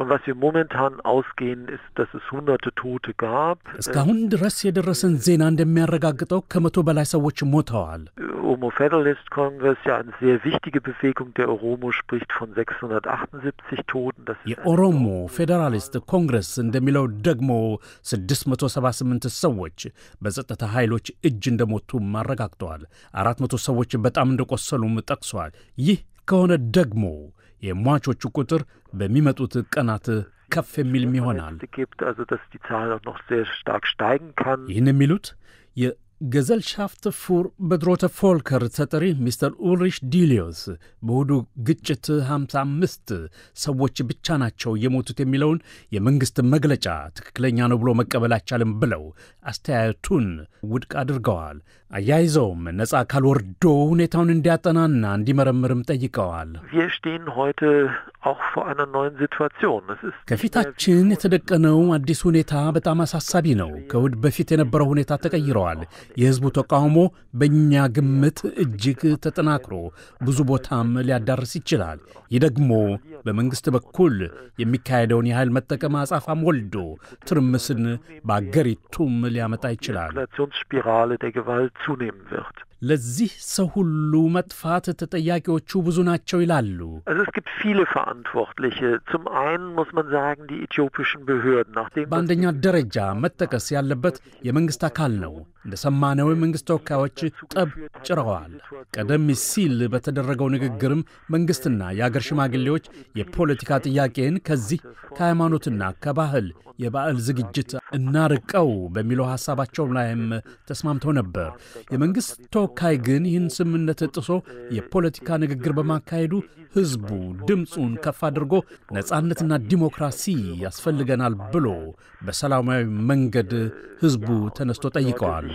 Von was wir momentan ausgehen, ist, dass es hunderte Tote gab. እስካሁን ድረስ የደረሰን ዜና እንደሚያረጋግጠው ከመቶ በላይ ሰዎች ሞተዋል። Oromo Federalist Congress, ja eine sehr wichtige Bewegung der Oromo, spricht von 678 Toten. Das የኦሮሞ ፌዴራሊስት ኮንግረስ እንደሚለው ደግሞ 678 ሰዎች በጸጥታ ኃይሎች እጅ እንደሞቱም አረጋግጠዋል። 400 ሰዎች በጣም እንደቆሰሉም ጠቅሷል። ይህ ከሆነ ደግሞ የሟቾቹ ቁጥር በሚመጡት ቀናት ከፍ የሚልም ይሆናል። ይህን የሚሉት ገዘልሻፍት ፉር በድሮተ ፎልከር ተጠሪ ሚስተር ኡልሪሽ ዲሊዮስ በእሁዱ ግጭት 55 ሰዎች ብቻ ናቸው የሞቱት የሚለውን የመንግሥት መግለጫ ትክክለኛ ነው ብሎ መቀበል አይቻልም ብለው አስተያየቱን ውድቅ አድርገዋል። አያይዘውም ነጻ አካል ወርዶ ሁኔታውን እንዲያጠናና እንዲመረምርም ጠይቀዋል። ከፊታችን የተደቀነው አዲስ ሁኔታ በጣም አሳሳቢ ነው። ከእሁድ በፊት የነበረው ሁኔታ ተቀይረዋል። የህዝቡ ተቃውሞ በእኛ ግምት እጅግ ተጠናክሮ ብዙ ቦታም ሊያዳርስ ይችላል። ይህ ደግሞ በመንግሥት በኩል የሚካሄደውን የኃይል መጠቀም አጻፋም ወልዶ ትርምስን በአገሪቱም ሊያመጣ ይችላል። ለዚህ ሰው ሁሉ መጥፋት ተጠያቂዎቹ ብዙ ናቸው ይላሉ። በአንደኛ ደረጃ መጠቀስ ያለበት የመንግስት አካል ነው። እንደ ሰማነው የመንግሥት ተወካዮች ጠብ ጭረዋል። ቀደም ሲል በተደረገው ንግግርም መንግስትና የአገር ሽማግሌዎች የፖለቲካ ጥያቄን ከዚህ ከሃይማኖትና ከባህል የባዕል ዝግጅት እናርቀው በሚለው ሐሳባቸው ላይም ተስማምተው ነበር። የመንግሥት ተወካይ ግን ይህን ስምምነት ጥሶ የፖለቲካ ንግግር በማካሄዱ ሕዝቡ ድምፁን ከፍ አድርጎ ነጻነትና ዲሞክራሲ ያስፈልገናል ብሎ በሰላማዊ መንገድ ሕዝቡ ተነስቶ ጠይቀዋል።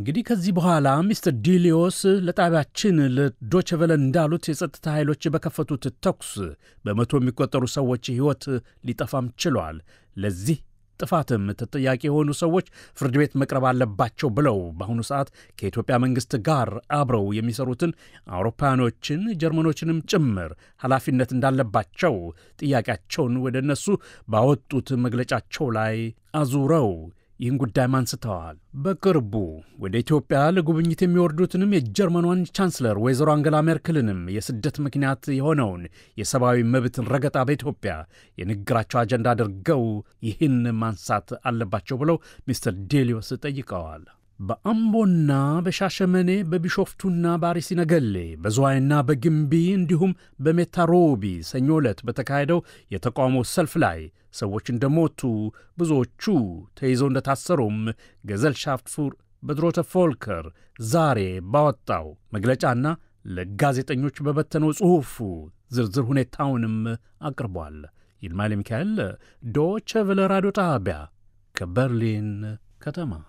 እንግዲህ ከዚህ በኋላ ሚስተር ዲሊዮስ ለጣቢያችን ለዶቸቨለ እንዳሉት የጸጥታ ኃይሎች በከፈቱት ተኩስ በመቶ የሚቆጠሩ ሰዎች ሕይወት ሊጠፋ ሊጠፋም ችሏል። ለዚህ ጥፋትም ተጠያቂ የሆኑ ሰዎች ፍርድ ቤት መቅረብ አለባቸው ብለው በአሁኑ ሰዓት ከኢትዮጵያ መንግሥት ጋር አብረው የሚሰሩትን አውሮፓውያኖችን ጀርመኖችንም ጭምር ኃላፊነት እንዳለባቸው ጥያቄያቸውን ወደ እነሱ ባወጡት መግለጫቸው ላይ አዙረው ይህን ጉዳይም አንስተዋል። በቅርቡ ወደ ኢትዮጵያ ለጉብኝት የሚወርዱትንም የጀርመኗን ቻንስለር ወይዘሮ አንገላ ሜርክልንም የስደት ምክንያት የሆነውን የሰብአዊ መብትን ረገጣ በኢትዮጵያ የንግግራቸው አጀንዳ አድርገው ይህን ማንሳት አለባቸው ብለው ሚስተር ዴሊዮስ ጠይቀዋል። በአምቦና በሻሸመኔ በቢሾፍቱና ባሪሲ ነገሌ በዝዋይና በግምቢ እንዲሁም በሜታሮቢ ሰኞ ዕለት በተካሄደው የተቃውሞ ሰልፍ ላይ ሰዎች እንደሞቱ ብዙዎቹ ተይዘው እንደታሰሩም ገዘል ፉር በድሮተ ፎልከር ዛሬ ባወጣው መግለጫና ለጋዜጠኞች በበተነው ጽሑፉ ዝርዝር ሁኔታውንም አቅርቧል። ይልማል ሚካኤል ዶቸ ቨለ ራዲዮ ጣቢያ ከበርሊን ከተማ